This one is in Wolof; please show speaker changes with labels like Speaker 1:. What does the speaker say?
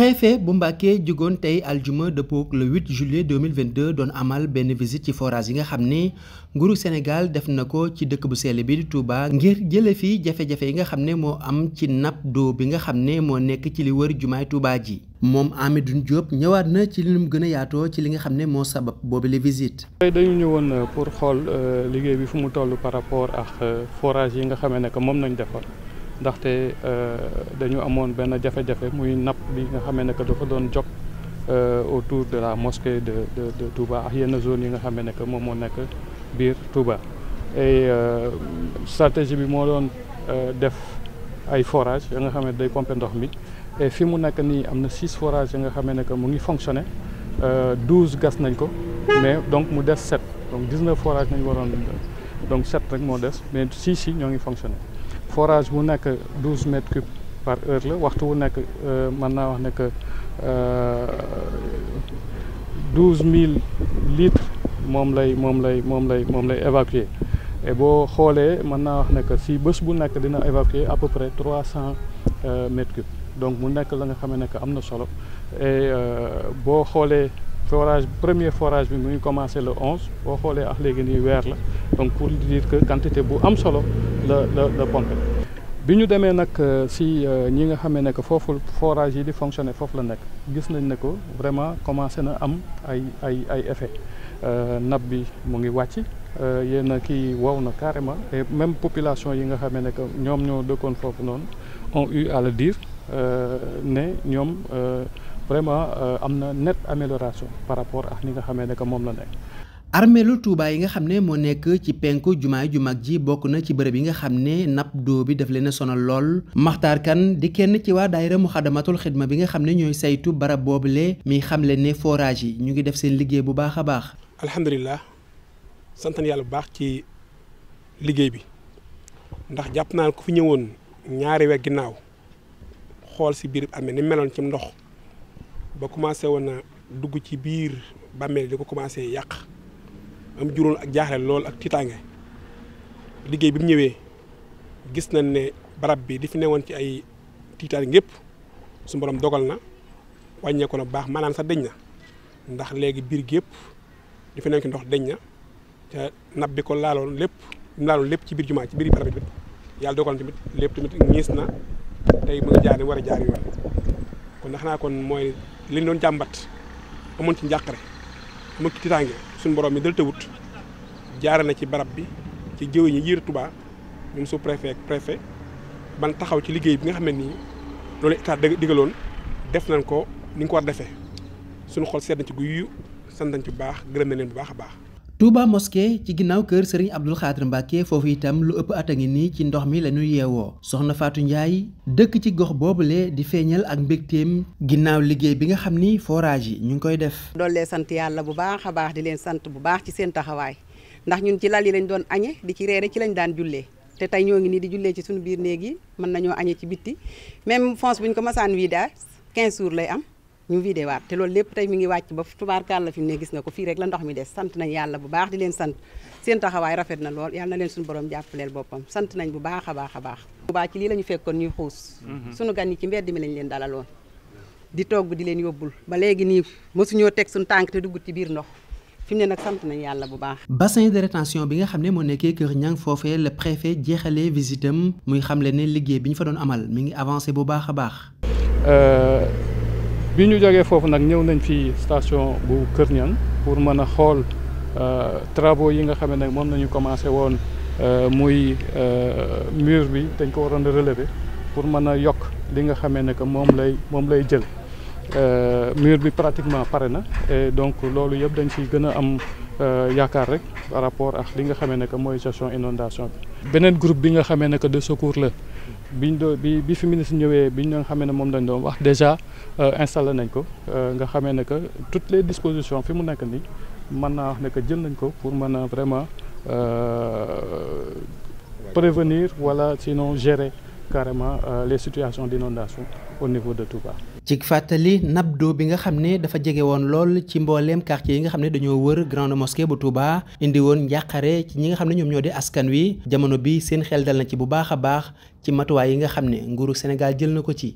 Speaker 1: préfet bu Mbàkke jugoon tey aljuma dëppook le 8 juillet 2022 doon amal benn visite ci forage yi nga xam ni nguuru Sénégal def na ko ci dëkk bu sell bi di Touba ngir jële fi jafe-jafe yi nga xam ne moo am ci nappe do bi nga xam ne moo nekk ci li war jumaay Touba ji moom Amedoune Diop ñëwaat na ci li mu gën a yaatoo ci li nga xam ne moo sabab boobu la visite.
Speaker 2: tey dañu ñëwoon euh, pour xool euh, liggéey bi fu mu toll par rapport ak euh, forage yi nga xam ne moom nañu defar. ndaxte euh, dañu amoon benn jafe-jafe muy napp bi nga xamee ne que dafa doon jog euh, autour de la mosquée de de de Touba ak yenn zone yi nga xame ne que moom moo nekk biir Touba. et euh, stratégie bi moo doon def ay forage ya nga xam ne day pomper ndox mi et fi mu nekk nii am na six forages ya nga xamee ne que mu ngi fonctionner douze gas nañ ko mais donc mu des sept donc dix-neuf forages nañ waroon donc sept rek moo des mais six yi ñoo ngi fonctionner. forage bu nekk douze mètres par heure la waxtu wu nekk euh, man naa wax ne que euh, douze mille litres moom lay moom lay moom lay moom lay évacuer et boo xoolee mën naa wax ne que si bés bu nekk dina évacuer à peu près trois cent euh, mètres cubes donc mu nekk la nga xam ne que am na solo et boo xoolee forage premier forage bi mu ngi commencé le onze boo xoolee ak léegi nii weer la. donc pour dire que quantité bu am solo la la la bi ñu demee nag euh, si euh, ñi nga xamee ne que foofu forage yi di fonctionner foofu la nekk gis nañ ne ko vraiment commencé na am ay ay ay effet euh, nappe bi mu ngi wàcc yéen a kii wow na carrément et même population yi nga xamee ne que ñoom ñoo dëkkoon foofu noonu ont eu à le dire ne ñoom vraiment am na nette amélioration par rapport ak ni nga xamee ne que moom la nekk
Speaker 1: armeelu Touba yi nga xam ne moo nekk ci penku jumaa ju mag ji bokk na ci bërëb yi nga xam ne napp doo bi daf leen a sonal lool Maxtaar Kan di kenn ci waa daayira Muxaddamatul Xidma bi nga xam ne ñooy saytu barab boobule mi xam leen ne forage yi ñu ngi def seen liggéey bu baax a baax.
Speaker 3: alhamdulilah sant na bu baax ci liggéey bi ndax jàpp naa ku fi ñëwoon ñaari weer ginnaaw xool si biir amee ni meloon ci ndox ba commencé woon a dugg ci biir bàmmeel di commencé yàq. am juróon ak jaaxle lool ak tiitaange liggéey bi mu ñëwee gis nañ ne barab bi di fi newoon ci ay tiitaange yëpp su borom dogal na wàññeeku na bu baax maanaam sax deñ na ndax léegi biir gi yëpp di fi nekk ndox deñ na te nab ko laaloon lépp laaloon lépp ci biir jumaa ci biir barab bi yàlla dogal na tamit lépp tamit na tey mu ngi jaar war a jaar yoon kon ndax naa kon mooy li ñu doon jàmbat amoon ci njàqare amoon ci tiitaange suñu borom mi dal tawut jaare na ci barab bi ci jëwriñ ñi yiir tubaa ñun su préfet ak préfet ban taxaw ci liggéey bi nga xam ne nii loolu état diggaloon def nañ ko ni nga ko war defee suñu xol seet na ci guy sant nañ ci bu baax gërëm na leen bu baax a baax
Speaker 1: Touba mosquée ci ginnaaw kër Serigne Abdoul Khadr Mbacke foofu itam lu ëpp at a ngi nii ci ndox mi la ñu yeewoo soxna Fatou Ndiaye dëkk ci gox boobule di feeñal ak mbégteem ginnaaw liggéey bi nga xam ni forage yi ñu ngi koy def.
Speaker 4: doole sant yàlla bu baax a baax di leen sant bu baax ci seen taxawaay ndax ñun ci lal yi lañ doon añe di ci reere ci lañ daan jullee te tey ñoo ngi nii di jullee ci suñu biir néegi mën nañoo añe ci bitti même fosse bu ñu ko masaan wii daal 15 jours lay am. ñu vidé waat te lool lépp tey mi ngi wàcc ba tubaarkàlla fi mu ne gis nga ko fii rek la ndox mi de sant nañ yàlla bu baax di leen sant seen taxawaay rafet na lool yàlla leen suñ borom jàppaleel boppam sant nañ bu baax a baax a baax bu baax ci lii lañu ñu fekkoon ñuy xuus mhm. suñu gan yi ci mbedd mi lañ leen dalaloon di togg di leen yóbbul ba léegi nii suñoo teg suñu tànk te dugg ci biir ndox fi mu ne nag sant nañ yàlla bu baax.
Speaker 1: bassin de rétention bi nga xam ne moo nekkee Kër Ñang foofee le préfet jeexalee visitam muy xamle ne liggéey bi ñu fa doon amal mi ngi avancé bu baax a baax. Euh,
Speaker 2: bi ñu jogee foofu nag ñëw nañ fii station bu Kër Niang pour mën a xool euh, travaux yi nga xam ne moom nañu commencé woon euh, muy euh, mur bi dañ ko waroon a relever pour mën a yokk li nga xame ne que moom lay moom lay jël mur bi pratiquement pare na e donc loolu yëpp dañ ciy gën a am yaakaar rek par rapport ak li nga xamee ne que mooy gestion inondation bi beneen groupe bi nga xamee ne que de secours la biñ doo bi bi fi ministre ñëwee bi ñu nga xamee ne moom lañ doon wax déjà euh, installer nañ ko euh, nga xamee ne que toutes les dispositions fi mu nekk nii man naa wax ne que jël nañ ko pour mën a vraiment euh, prévenir walla sinon gérer. carrément euh, les situations d'inondation au niveau de Touba.
Speaker 1: ci fàttali nabdo bi nga xam ne dafa jege woon lool ci mbooleem quartier yi nga xam ne dañoo wër grande mosquée bu Touba indi woon njàqare ci ñi nga xam ne ñoom ñoo di askan wi jamono bi seen xel dal na ci bu baax a baax ci matuwaay yi nga xam ne nguuru Sénégal jël na ko ci.